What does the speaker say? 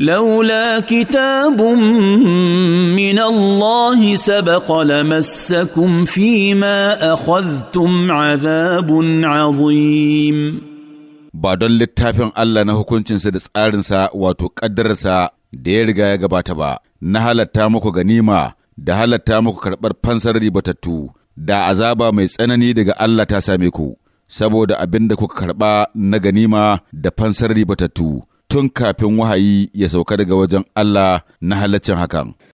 لولا كتاب من الله سبق لمسكم فيما اخذتم عذاب عظيم ba don littafin Allah na hukuncinsa da tsarinsa wato ƙaddararsa da ya riga ya gabata ba, na halatta muku ganima da halatta muku karɓar fansar ribatattu da azaba mai tsanani daga Allah ta same ku, saboda abin da kuka karɓa na ganima da fansar ribatattu. tun kafin wahayi ya sauka daga wajen Allah na halaccin hakan.